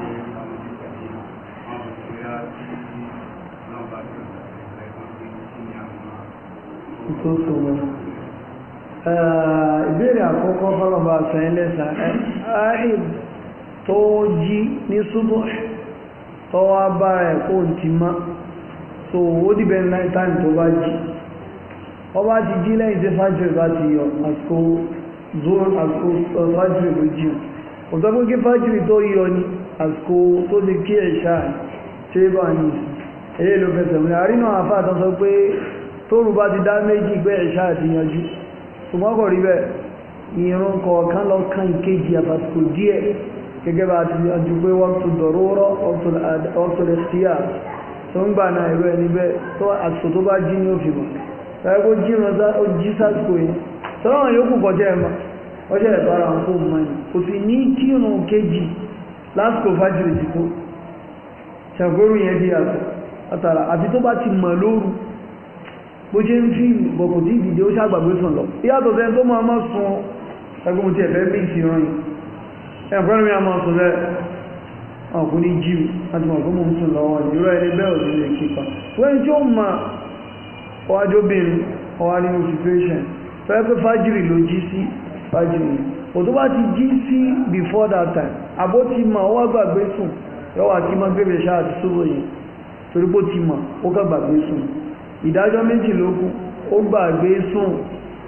Speaker 1: ìbéèrè àkọ́kọ́ fọ́lọ̀bà sẹ́yìn lẹ́sà ààrìn tó jí ní súbọ̀ tó bára ẹ̀kọ́ ti máa so ó dìbẹ̀ nine time tó bá jí ọba ti jí lẹ́yìn tí fájìrì bá ti yọ àsìkò zone àsìkò fájìrì ló jí kò sọ pé kí fájìrì tó yọ ni àsìkò tó ti kí ẹ̀ṣà ṣe é bá ní eré ló fẹsẹ̀ múlẹ̀ àrínà àfà àtàn sọ pé tóru bá ti dá méjì pé ẹ̀ṣà ti yanjú ṣùgbọ́n kò rí bẹ́ẹ̀ ìrun kọ̀ọ̀kan lọ kan ìkejì díẹ̀ gẹ́gẹ́ bá ti yanjú pé wọ́n tún dọ̀rọ̀ wọ́n tún tó na gbà náà ìró ẹni bẹ́ẹ̀ tó àsìkò tó bá jí ní òfin mọ̀ tàbí kó jí ìran sásìkò yìí tọ́lọ́run yóò kù kọjá ẹ̀mọ́ ọjọ́ ẹ̀tọ́ ara wọn kó kò sì ní kírun kejì lásìkò fájìrì ti tó yẹn di àtọ̀ àtàrà àti tó bá ti mọ̀ lóru bó ṣe ń fi tí ó ọ̀fún ní jíù láti mọ̀ fún sùn lọ́wọ́ ìrọ̀ ẹni bẹ́ẹ̀ ò nílé kípa wẹ́n tí ó ma ọwájóbìnrin ọwá nínú situation fẹ́ pé fájìrì ló jí sí fájìrì ò tó bá ti jí sí before that time àbó ti mọ̀ ọwá gbàgbé sùn yọ́wà tí mọ́ gbébẹ̀ ṣáà ti sówó yìí torí pó ti mọ̀ ó kà gbàgbé sùn ìdájọ́ méjì ló ó gbàgbé sùn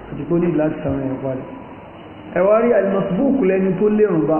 Speaker 1: àti kó ní láti sàrìn ẹ̀wárí ẹ̀wárí àìmọ̀síbùkù lẹ́ni tó lérùn bá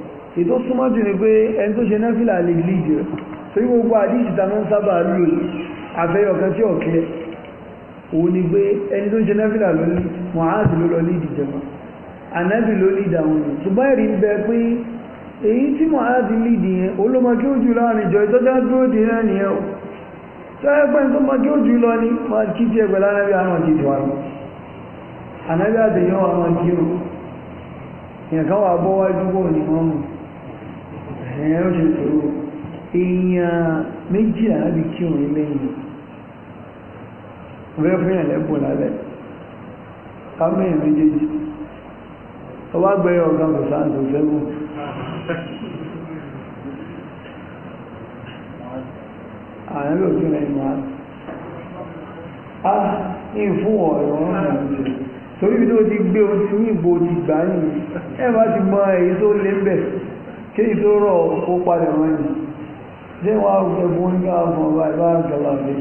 Speaker 1: ètò súnmọ́ jù ní pé ẹni tó ṣe náfìlà lè líjì rẹ̀ torí gbogbo àdíjì ta máa ń sábà lò àfẹ́yọ̀ kan tí ọ̀kẹ́ òun ni pé ẹni tó ṣe náfìlà ló ní Mu'adh ló lọ lídì jẹma ànábì ló lídì àwọn ènìyàn ṣùgbọ́n ẹ̀rí ń bẹ pé èyí tí Mu'adh lídì yẹn ó ló mọ kí ó jù láàrin ìjọ ní máa kí wà lọ ànábì ní wọ́n ẹ̀yẹn ó ṣe tòrò èèyàn méjì àábì kí òun lẹ́yìn rẹ fún yàn lẹ́bùn lálẹ́ kámẹ́yìn méjèèjì ó wá gbẹ́yọ̀ ọ̀gá kò sáǹtò sẹ́bùn àárín lòtún lẹ́yìn máa ah ní fún ọ̀rọ̀ ọ̀rọ̀ torí bí tó ti gbé oṣù ní kí ìdóró ó padà wọ́n yìí jẹ́ wà rúfẹ́ bóńgá ọmọ ọba ìbá gàlàbí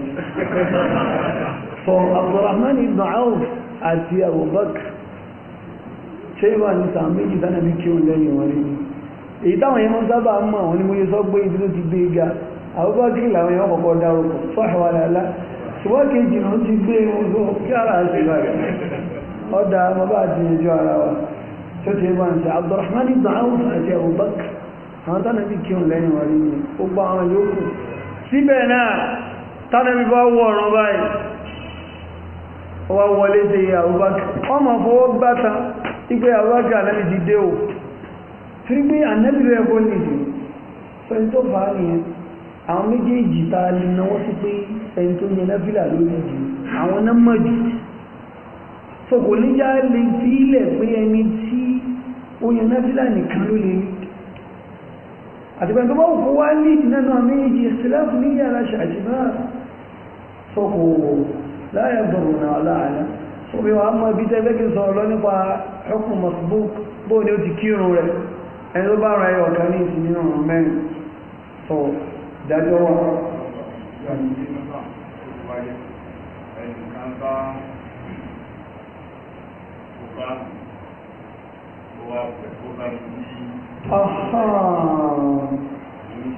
Speaker 1: so abdulrahman ibn auf àti abubakar ṣe wà ní sàn méjì sánàbí kí òun lẹ́yìn wọn rí èyí táwọn yẹn mọ́ sábà mọ́ àwọn ni mo yẹ sọ pé ibi tó ti gbé ga abubakar làwọn yẹn kọ̀kọ́ dárúkọ sọ́ọ̀hìn wà lálá ṣùgbọ́n kejì ló ti gbé ogun kí ara ṣe báyìí ọ̀dà ọmọ bá ti ẹjọ́ ara wa tó ti bá àwọn tánàbí kírùn lẹ́yìn wà nínú ó gbá àwọn yòókù síbẹ̀ náà tánàbí bá wọ ọ̀rọ̀ báyìí ó wá wọlé dé àwọ́bákà ọmọ fọwọ́ gbáta ipé àwọ́bákà anábì ti dé o tí pé anábì rẹ̀ kó nìdí fẹ́ni tó fà á nìyẹn àwọn méjèèjì ta lè náwó sí pé ẹni tó yẹ náfìlà lórí jù àwọn náà jù so kò lè fi pé ẹni tí ó yẹ náfìlà nìkan ló àtìgbà tó bá wù kó wá lead nínú àmì ìjì ìsìláàfù ní yàrá ṣàṣìbá sọ́kò láyé bọ̀rọ̀ náà láàrín sọ́bí wa mọ́ ibi tẹ́lẹ́ kí n sọ̀rọ̀ lọ nípa ẹkùn masbuk bó ni ó ti kírun rẹ̀ ẹni tó bá ra ọ̀kan ní ìsinmi náà mẹ́rin sọ dájọ́ wà Aha.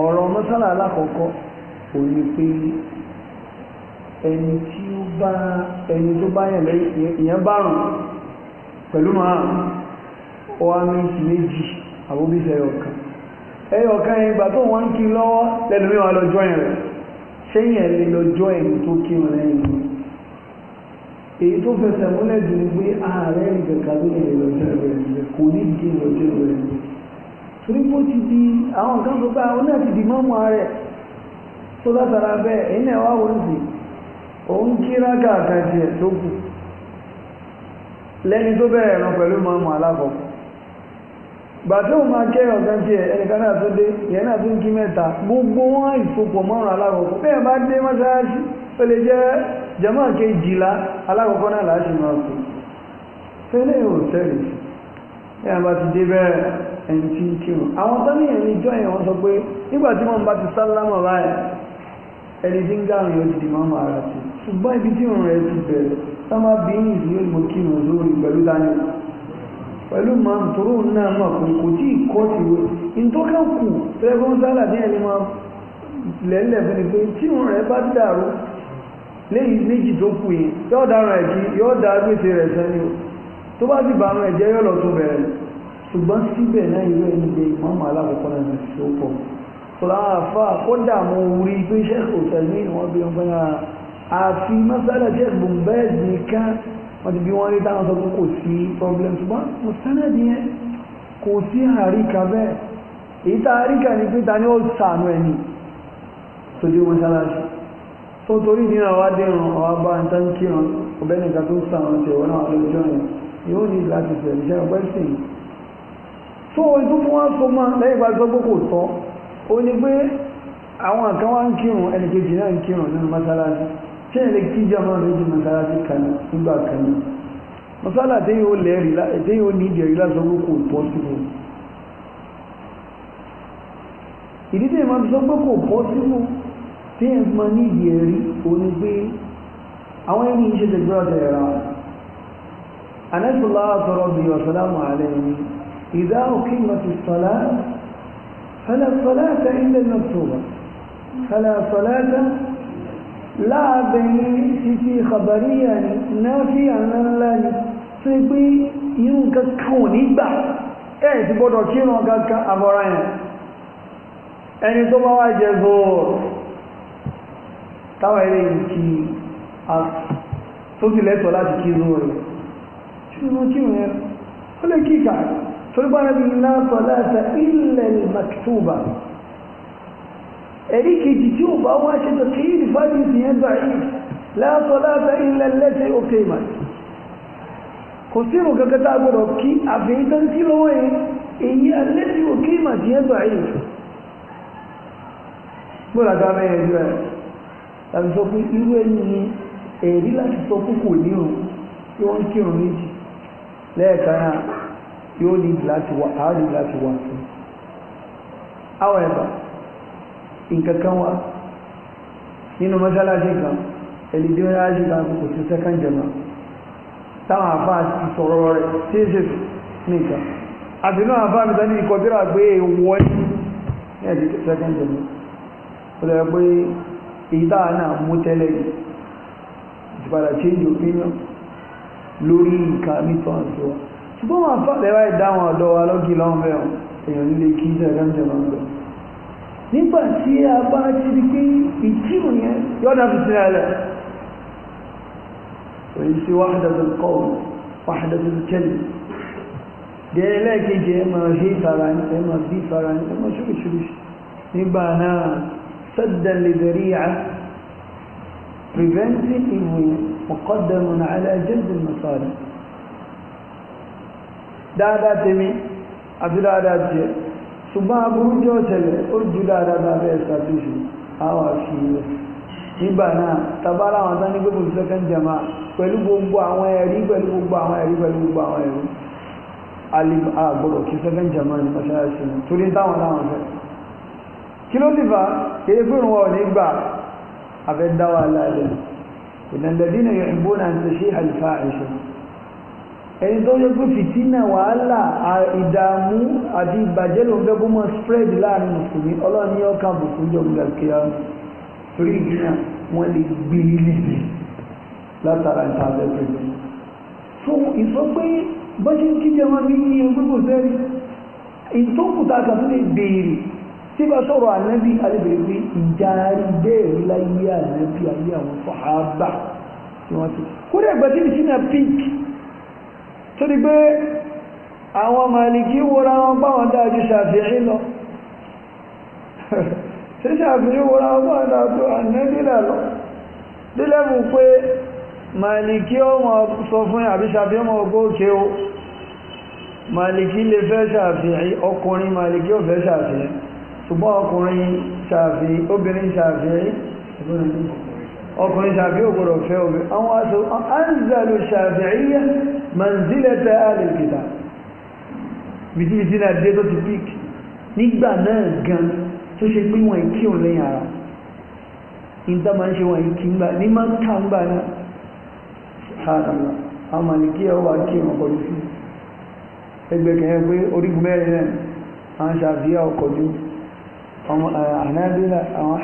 Speaker 1: ọ̀rọ̀ mọ́sálà alákọ̀ọ́kọ́ ò ní pé ẹni tí ó bá ẹni tó bá yàn lẹ́yìn ìyẹn bá rùn pẹ̀lú máa ó wá ní ti méjì àbóbíṣe ẹyọkan ẹyọkan yẹn ìgbà tó wọ́n ń kí lọ́wọ́ lẹ́nu mi wà lọ́jọ́ yẹn rẹ̀ sẹ́yìn ẹ̀ lè lọ́jọ́ ẹ̀yìn tó kírun lẹ́yìn mi èyí tó fẹsẹ̀ múlẹ̀ dùn pé ààrẹ ìgbẹ̀ka tó lọ́jọ́ ẹ̀rọ ẹ̀yìn kò ní di lọ́jọ́ ẹ̀rọ ẹ̀yìn torípò ti di àwọn nǹkan tó bá òun náà ti di mọ́mọ́ rẹ̀ tó látara bẹ́ẹ̀ èyí náà wá wọ́n sì òun kí rákà àkàtì ẹ̀ tó kù lẹ́ni tó bẹ̀rẹ̀ ẹ̀ràn pẹ̀lú mọ́mọ́ alákọ̀ọ́kọ́ gbàtí òun máa kẹ́rọ̀ kan tí ẹ̀ ẹnìkan náà tó dé ìyẹn náà tó ń kí mẹ́ta gbogbo wọn ìsopọ̀ márùn alákọ̀ọ́kọ́ bẹ́ẹ̀ bá dé mọ́sáàsì ó lè jẹ́ jẹ́mọ́ kejìlá alákọ̀ọ́kọ́ náà láti máa kú fẹ́lẹ́ ò tẹ́lẹ̀ sí ẹ̀ bá ti dé bẹ́ẹ̀ ẹni tí ń kírun àwọn tó ní ẹni jọ yẹn wọ́n sọ pé nígbà tí wọ́n bá ti sálámà báyìí ẹni tí ń gàrùn yóò dìde máa máa ra sí ṣùgbọ́n ibi tí òun rẹ̀ ti bẹ̀rẹ̀ sábà bí yìí sí yóò mọ kírun lórí pẹ̀lú dání pẹ̀lú máa ń toró náà mọ̀ pé kò tí ì kọ́ ti wé ìtọ́kẹ́kù tẹ́lẹ̀fọ́n sálà ní ẹni máa lẹ́lẹ̀ fún ni pé tí òun rẹ̀ bá dàrú lẹ́yìn méjì tó kù yìí yóò dára ẹ̀kí yóò dá gbèsè rẹ̀ sẹ́ni tó bá sì bá àwọn ẹ̀jẹ̀ yóò lọ tún bẹ̀rẹ̀ ṣùgbọ́n síbẹ̀ náà irú ẹni jẹ ìmọ̀mọ̀ alákọ̀ọ́kọ́ náà ti ṣó pọ̀ fúláàfà kódà mo rí pé sẹ́kù tẹ̀lé ni wọ́n bí wọn fẹ́ ra àfi mọ́sálà sẹ́kù bùnbẹ́ẹ̀dì nìkan wọ́n ti bí wọ́n rí táwọn sọ pé kò sí problem ṣùgbọ́n mo sẹ́nẹ̀ nìyẹn kò sí àríkà bẹ́ẹ̀ èyí tá àríkà ni pé ta ni ó sànú ẹni tó dé mọ́sálásí tó torí nínú àwa dẹ̀rùn àwa bá ń tán kírun ọ̀bẹ́nìkan tó sànú tẹ̀wọ́n náà lọ́jọ́ yẹn yóò ní láti tẹ̀lé sẹ́kù pẹ́sìn so ohun tó fún wá so mọ́ lẹ́yìn ìgbà gbogbo kò tọ́ ó ní pé àwọn kan wá ń kírun ẹnì kejì náà ń kírun nínú mọ́sálásí ṣé ẹnì kíjà máa méjì mọ́sálásí kan nígbà kan náà mọ́sálà tí yóò lẹ́rìí tí yóò ní ìdẹ̀rí lásán ló kò tọ́ síbò ìdí tí ìmọ̀ sọ pé kò pọ́ síbò tí yẹn mọ ní ìdẹ̀rí ò ní pé àwọn ẹni iṣẹ́ tẹ̀gbọ́n tẹ̀ra anẹ́sùlá sọ̀rọ̀ bí ọ̀sán láwọn ààrẹ yìí إذا أقيمت الصلاة فلا صلاة إلا المكتوبة فلا صلاة لا بين سيتي خبريا نافيا لا سيبي يونك كوني با ẹ ti gbọ́dọ̀ kírun kankan àbọ̀ra yẹn ẹni tó bá wá jẹ zoro táwọn eré yìí kí tó sì lẹ́tọ̀ọ́ láti kí zoro kírun kírun yẹn ó lè kí ìkàrẹ̀ torípa nàbí la salata illa al-maktuba ẹ̀rí kejì tí ó bá wá ṣe tó kí ní fàájìsì yẹn bá yìí la salata illa allati uqimat kò sí ìrùn kankan tá a gbọ́dọ̀ kí àfihàn tó ń lọ́wọ́ yẹn èyí allati uqimat yẹn bá yìí gbọ́dọ̀ ká mẹ́rin ẹ̀ You yóò ní láti wá àádì láti wá fún however nǹkan kan wá nínú mọ́ṣáláṣí kan ẹni tí wọ́n yára ṣe kan kò sí second jama táwọn àfáà ti sọ̀rọ̀ rẹ̀ tí ń ṣe nìkan àti náà àfáà mi sani ìkọ̀tíra pé èèwọ̀ ní ẹ̀dí second jama ó lọ pé èyí táwa náà mú tẹ́lẹ̀ yìí ìpadà change opinion lórí nǹkan mítọ́ àti wọn ṣùgbọ́n wọn àtọ́lẹ̀ wáyé dáwọn ọ̀dọ́ wa lọ́gì lọ́nbẹ̀ èèyàn nílé kí ìjọba ìjọba ń bẹ̀ nígbà tí a bá ti rí pé ìtìrù yẹn yọ́dá fi sí ẹlẹ̀ èyí sí wáhádàtò kọ́ọ̀ wáhádàtò kẹ́lì dé ẹlẹ́ẹ̀kejì ẹ máa ṣe ìfara ní ẹ máa bí ìfara ní ẹ máa ṣúrùṣúrùṣù nígbà náà sẹ́dẹ̀ lè bẹ̀rí à preventing evil mọ̀kọ́dẹ̀mọ̀nà alájẹ́dẹ̀ mọ̀sáré dáadáa tèmi àti dáadáa tiẹ̀ ṣùgbọ́n aburú jẹ́ ọ̀sẹ̀lẹ̀ ó ju dáadáa lábẹ́ ẹ̀sàtúnṣe àwọn àfihàn nígbà náà tabara àwọn tán ní gbogbo second jama pẹ̀lú gbogbo àwọn ẹ̀rí pẹ̀lú gbogbo àwọn ẹ̀rí pẹ̀lú gbogbo àwọn ẹ̀rí alib àgbọ̀rọ̀ kí second jama ní mọ́ṣáláṣí torí táwọn láwọn fẹ́ kí ló sì fà kéde pé òun wọ̀ nígbà àfẹ́ dáwà láàlẹ́ ìdàndàdínà yóò ìbónà àti ṣe àlìfà àìṣẹ́ ẹni tó yẹ pé fìtínà wàhálà ìdààmú àti ìbàjẹ́ ló ń fẹ́ kó mọ́ spread láàrin mùsùlùmí ọlọ́run ní ọkàn bùkún jọ gbà kíá torí ìgbìnà wọ́n lè gbé e níbi látara ìtàbẹ̀bẹ̀ fún ìsọ pé bọ́ṣe ń kíjẹ wọn bí ní gbogbo sẹ́rí ìtókùtà kan tó lè béèrè tí bá sọ̀rọ̀ ànábì alẹ́bẹ̀rẹ̀ pé ìjáàrí bẹ́ẹ̀ láyé ànábì ayé àwọn sọ̀hábà tí wọ́n ti kúrẹ́ pink torí pé àwọn màlìkí wòra wọn báwọn dájú ṣàfihì lọ ṣe ṣàfihì wòra wọn báwọn dájú ànẹ́bílà lọ dílẹ́mù pé màlìkí ọmọ sọ fún àbí ṣàfihì ọmọ ogóòkè o màlìkí lè fẹ́ ṣàfihì ọkùnrin màlìkí ò fẹ́ ṣàfihì ṣùgbọ́n ọkùnrin ṣàfihì obìnrin ṣàfihì ọkùnrin ṣàfihì ò gbọ́dọ̀ fẹ́ obìnrin àwọn aṣọ àǹzàlù ṣàfihì manzilata alil kitab bìtìbì tí náà dé tó ti pík nígbà náà gan tó ṣe pé wọ́n ìkí òun lẹ́yìn ara ìta máa ń ṣe wọ́n ìkí ńgbà ní máa ń ká ńgbà náà ṣàrànlá àwọn màlìkí ẹ̀ wà kí wọn kọjú sí ẹgbẹ́ kẹ́yẹ́ pé orígun mẹ́rin náà àwọn ṣàfíà ọkọ̀jú àwọn ànábílà eh, àwọn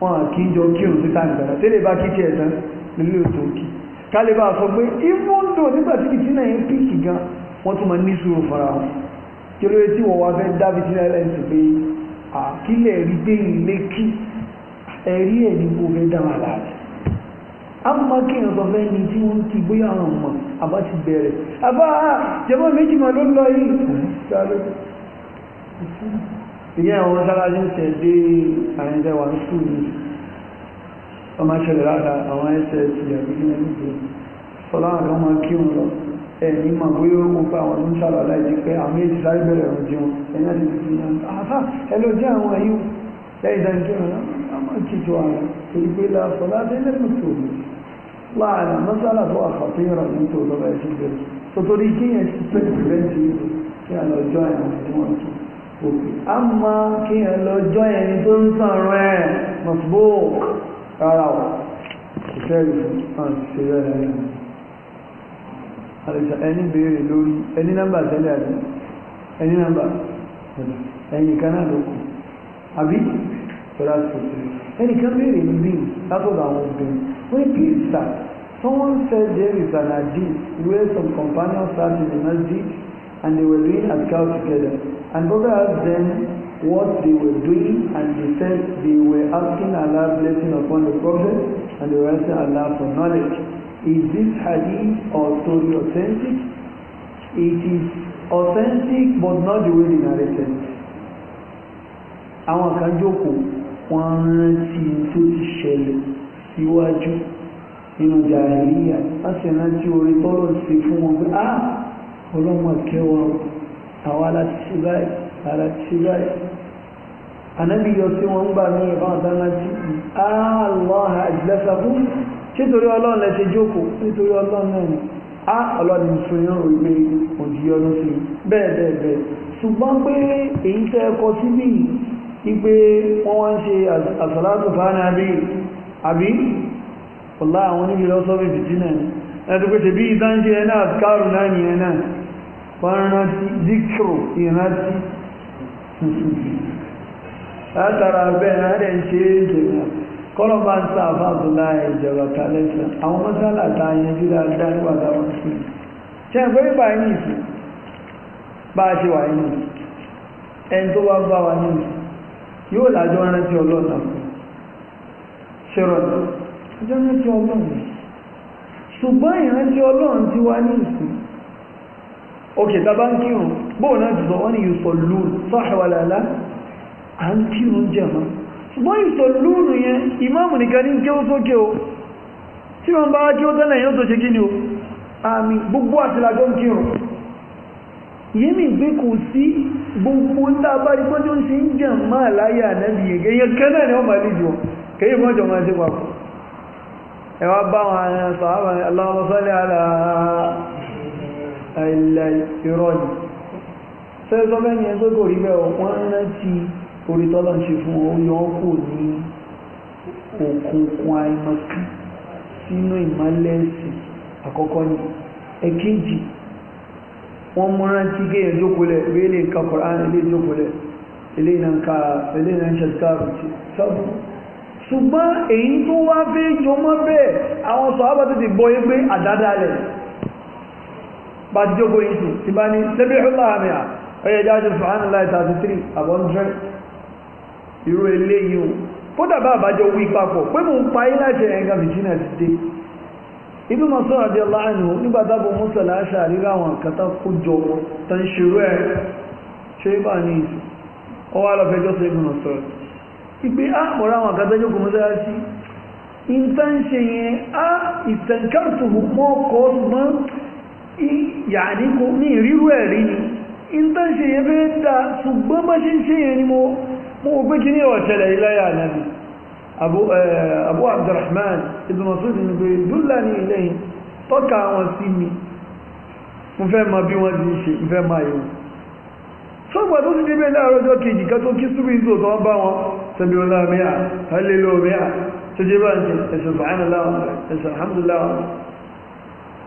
Speaker 1: ànáfíà tẹ́lẹ̀ bá kí tiẹ̀ tán nílé òtò òkè kálíbà sọ pé ìfúndò nígbà tí kìtìnà yẹn gan wọ́n tún máa ní sùúrù fara wọn kí ló tí wọ́n wá fẹ́ dábì tí náà ẹ̀sìn pé àkílẹ̀ rí dé ilé kí ẹ̀rí ẹ̀ ní kó fẹ́ dáhùn aláàbẹ̀ àmọ́ kí n sọ fẹ́ ni tí wọ́n ti bóyá àwọn ọmọ àbá ti bẹ̀rẹ̀ àbá jẹmọ́ méjì máa ló lọ yìí ìyẹn àwọn sálájú tẹ̀lé àyẹ̀dẹ̀wà ń sùn yìí wọ́n máa ṣẹlẹ̀ lára àwọn ẹsẹ̀ ti àgbégbé nígbè sọlá àwọn ọmọ kí wọn lọ ẹni mà bóyá wọn pa àwọn tó ń sàlọ láìsí pé àwọn èjì sáré bẹ̀rẹ̀ ọ̀rọ̀ jẹun ẹni láti fi fi hàn áfà ẹ ló jẹ́ àwọn ayú lẹ́yìn dájú kí wọn máa kí tó ara torí pé la sọlá dé lẹ́kùn tó láàrin àmọ́sálà tó àfàtúnyàn rà ní tòótọ́ bá ẹ̀sìn bẹ̀rẹ̀ sotori kí yẹn ti pẹ́ pẹ́ntì kí rárá ọ̀ ìfẹ́rì fún ṣe rẹ̀ àrẹ̀sà ẹni béèrè lórí ẹni nọ́mbà tẹ́lẹ̀ àti ẹni nọ́mbà ẹni kan náà lókù àbí tọ́lá tòtò ẹni kan béèrè ní bí látọ̀dọ̀ àwọn obìnrin wọ́n pè é sà Someone said there is an hadith where some companions sat in the masjid and they were doing adkar together and brother asked them what they were doing and they said they were asking Allah blessing upon the Prophet and they were asking Allah for knowledge. Is this hadith or story authentic? It is authentic but not the way they narrated it. Àwọn kan jókòó wọ́n rántí tó ti ṣẹlẹ̀ síwájú nínú jàìríyà láti rántí orí tọ́lọ̀ ṣe fún wọn pé ah ọlọ́mọ kẹwàá àwa láti ṣe báyìí ara ti ṣe báyìí ànábì yọ sí wọn ń gbà ní ìbá ọ̀tá láti Allah àjẹsàkú títorí ọlọ́run lẹ́sẹ̀ jókòó nítorí ọlọ́run náà ni á ọlọ́run fún yín òwe òjì ọdún sí bẹ́ẹ̀ bẹ́ẹ̀ bẹ́ẹ̀ ṣùgbọ́n pé èyí tẹ́ ẹkọ síbí wípé wọ́n wá ń ṣe àsàlátù fáánà bí àbí ọ̀la àwọn oníbi lọ́sọ́bì fìtínà ni ẹ̀dùn pé tẹ̀bí ìdáǹjẹ́ náà kárù náà nìyẹn náà wọ́n rántí díkìrò ìrántí látara bẹ́ẹ̀ àárẹ̀ ń ṣe é jẹ̀rọ kọ́lọ̀ bá ń sá àfáàbù láàyè ìjọba kálẹ́sà àwọn mọ́sálà ta yanjú dáadáa nígbà táwọn sí ṣe pé bá yín nìsí bá a ṣe wà yín nìsí ẹni tó bá bá wa nìsí yóò lájọ rántí ọlọ́ọ̀nà fún ṣẹ̀rọ̀ ọjọ́ rántí ọlọ́ọ̀nà ṣùgbọ́n ìrántí ọlọ́ọ̀nà ti wá ní ìsìn ok tàbá ń kírun bóò náà jùsọ wọ́n ni yùsọ̀lú sọ́hẹ̀wàlàlá à ń kírun jẹ̀mọ́ ṣùgbọ́n yùsọ̀lú yẹn ìmáàmù nìkan ní kí ó sókè o tí wọ́n bá kí ó tẹ́lẹ̀ yóò tó ṣe kí ni o àmì gbogbo àtìlájọ́ ń kírun yìí mi gbé kò sí gbogbo ńlá bá rí pọ́jú ń ṣe máa láyé ànábì èyàn kẹ́nà ni wọ́n máa lè jù kẹ́yìn mọ́ jọ máa ṣe papọ̀ ẹ̀wà bá wọn àwọn sọ̀rọ̀ sọ́lẹ̀ aláà láìláì irọ́ ni sẹ́sọ́ mẹ́rin ẹgbẹ́ kò rí bẹ́ẹ̀ wọ́n rántí orí tọ́lọ́ ṣe fún ọ yọ ni ẹ̀kejì wọ́n mú rántí kéèyàn jókòólẹ̀ bí ilé nǹkan kọ̀ọ̀rán ilé na ilé nǹkan ilé nǹkan ṣẹ̀dúkàrù ti sọ́bù ṣùgbọ́n bá ti jókòó yìí sùn tí bá ní sẹ́bí ìhùlá àmì à ọyẹ jáde fàánù láì thirty three àbọ̀ndrẹ́ irú eléyìí o kódà bá àbájọ wí papọ̀ pé mò ń pa yín láti ẹ̀yìnká virginia ti dé ibi mọ̀ sọ́rọ̀ àti ọlá àyìnbó nígbà tábò mọ́sàlá àṣà àríra àwọn àkàtà kójọ tó ń ṣerú ẹ̀ ṣe bá ní ìsìn ọwọ́ alọ́fẹjọ́ sọ ìgbìmọ̀ sọ̀rọ̀ ìgbé àmọ̀rá àwọn àkàtà jókòó mọ́sàlá sí ìtàn ṣe yẹn ah, mọ́ kọ́ yàní kò ní ìrírú ẹ̀rí ni in tó ń ṣe yẹn fẹ́ dá ṣùgbọ́n bá ṣe ń ṣe yẹn ni mo mo gbé kí ní ọ̀tẹ̀lẹ̀ iláyà nàbí abu abdurrahman ibn masud ni pé dúlà ní ilé yìí tọ́ka wọn sí mi mo fẹ́ mọ bí wọ́n ti ń ṣe mo fẹ́ máa yẹn sọ́gbà tó ti débẹ̀ láàárọ̀ ọjọ́ kejì ká tó kí súbí ìzò tó bá wọn sẹ́bí ọlọ́míà hallelujah tó jẹ́ bá ń ṣe ẹ̀sùn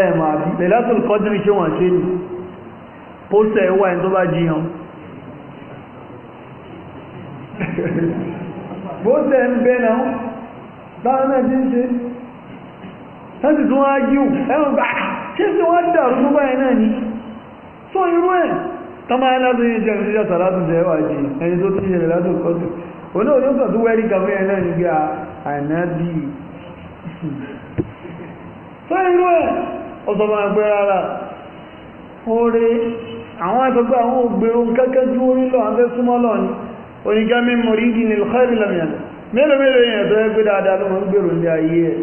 Speaker 1: ẹ̀mà àbí lẹ́lẹ́tùl kọ́dìrì ṣe wọ́n ṣe ní pósẹ̀ wà ní tó bá jí hàn pósẹ̀ ń bẹ́ náà láàrín náà ti ń ṣe láti tún wá jíù ẹ̀rùn gbà ṣe tí wọ́n dàrú tó báyìí náà ní sọ irú ẹ̀ tọ́mọ aláàrín ní jẹun síjá sàlátù jẹ́ wà jí ẹni tó ti ṣe lẹ́lẹ́tùl kọ́dìrì onáà ní ó sàtúwẹ́rí kàfẹ́ náà ní bí tó irú ẹ̀ ọ̀sọ̀mọ̀ ẹgbẹ́ rárá oore àwọn ẹgbẹ́gbẹ́ àwọn ògbèrò kẹ́kẹ́ jú orílọ̀ abẹ́ súnmọ́lọ̀ ni oníkẹ́ mímọ̀ rí di nílùú kẹ́rìlẹ̀mìyàn mélòó mélòó yẹn tó ẹgbẹ́ dáadáa ló ń gbèrò ní ayé ẹ̀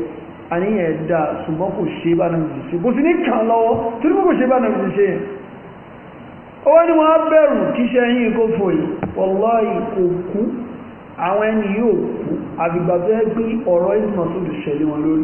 Speaker 1: àníyàn ẹ̀dá ṣùgbọ́n kò ṣe bá náà jù ṣe kò sí ní kàn lọ́wọ́ tí ó kò ṣe bá náà jù ṣe ó àwọn ẹni yóò kú àgbègbè ẹgbẹ́ ọ̀rọ̀ ìdùnnà tó lù ṣẹlẹ̀ wọn lórí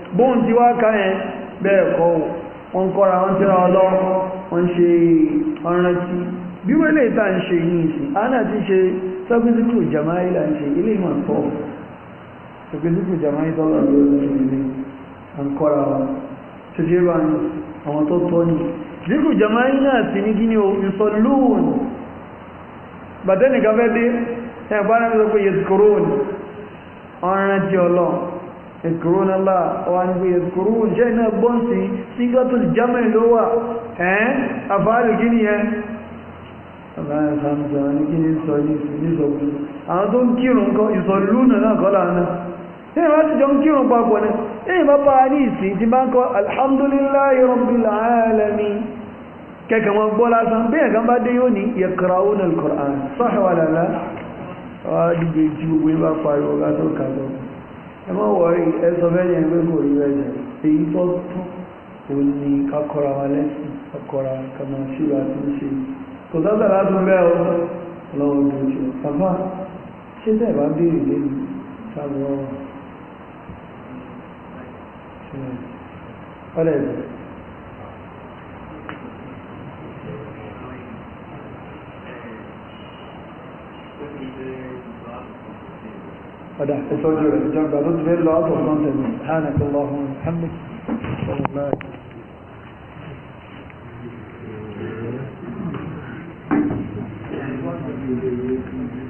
Speaker 1: bóhun ti wá káyẹn bẹ́ẹ̀ kọ́ wọn kọ́ra wọn tíra ọlọ́ wọn ṣe ọ̀rántí bí wọ́n lè tà ń ṣe yìí sí ana ti ṣe sọ́gbẹ́sìkù jamaílà ń ṣe ilé ìmọ̀ pọ̀ sọ́gbẹ́sìkù jamaílà ló ń ṣe ilé à ń kọ́ra wọn tó ṣe bá ní ọ̀rántí ọlọ́run ìkúrúnà lá wà ní pé ìkúrú jẹ́ iná gbọ́n sí sígọ́tù germany ló wà ẹ́n àfáàlù kí ni ẹ́ àwọn tó ń kírun kọ́ ìsọ̀lúnà náà kọ́ láàánà ní ìwọ́n ti jọ ń kírun papọ̀ ní ẹ̀yìn bá bá ní ìsìn tí bá ń kọ́ alhamdulillahi rabbil alamin kẹ́kẹ̀ wọn gbọ́ lásán bí ẹ̀kan bá dé yóò ní yaqra'una al-Qur'an sahwalala wọ́n dìgbè tí gbogbo ibá pariwo látọ́ kàtọ́ ẹ má wọrí ẹ sọ bẹ́ẹ̀ yẹn pé kò rí bẹ́ẹ̀ èyí tó tún òun ni kakọra wa lẹ́sìn kakọra kàmá ṣúra tó ń ṣe kò sábà látún bẹ́ẹ̀ o lọ́wọ́ ló ṣe bàbá ṣé bẹ́ẹ̀ bá béèrè lẹ́nu sábà ọ̀ ọ̀rẹ́ rẹ̀.
Speaker 2: Thank you. هذا الفوجي جنب رد فيلا
Speaker 1: أبو خمسة سبحانك اللهم وبحمدك
Speaker 2: Thank you.